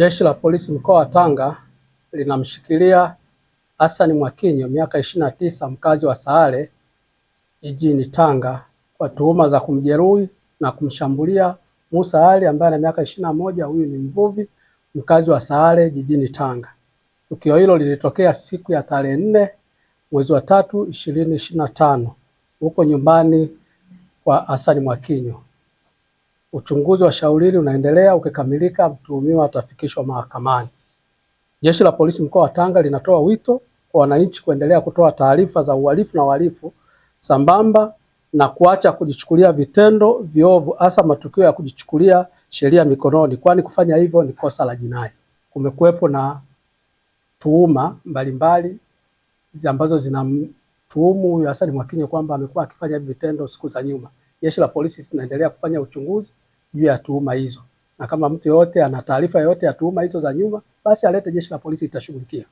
Jeshi la Polisi mkoa wa Tanga linamshikilia Hassan Mwakinyo miaka 29 na tisa mkazi wa Sahare jijini Tanga kwa tuhuma za kumjeruhi na kumshambulia Musa Ali ambaye ana miaka 21, na moja. Huyu ni mvuvi mkazi wa Sahare jijini Tanga. Tukio hilo lilitokea siku ya tarehe nne mwezi wa tatu ishirini na tano huko nyumbani kwa Hassan Mwakinyo. Uchunguzi wa shauri hili unaendelea, ukikamilika mtuhumiwa atafikishwa mahakamani. Jeshi la Polisi mkoa wa Tanga linatoa wito kwa wananchi kuendelea kutoa taarifa za uhalifu na uhalifu sambamba na kuacha kujichukulia vitendo viovu, hasa matukio ya kujichukulia sheria mikononi, kwani kufanya hivyo ni kosa la jinai. Kumekuwepo na tuhuma mbalimbali ambazo zinamtuhumu huyu Hassan Mwakinyo kwamba amekuwa akifanya vitendo siku za nyuma. Jeshi la Polisi tunaendelea kufanya uchunguzi juu ya tuhuma hizo, na kama mtu yoyote ana taarifa yoyote ya tuhuma hizo za nyuma, basi alete, Jeshi la Polisi litashughulikia.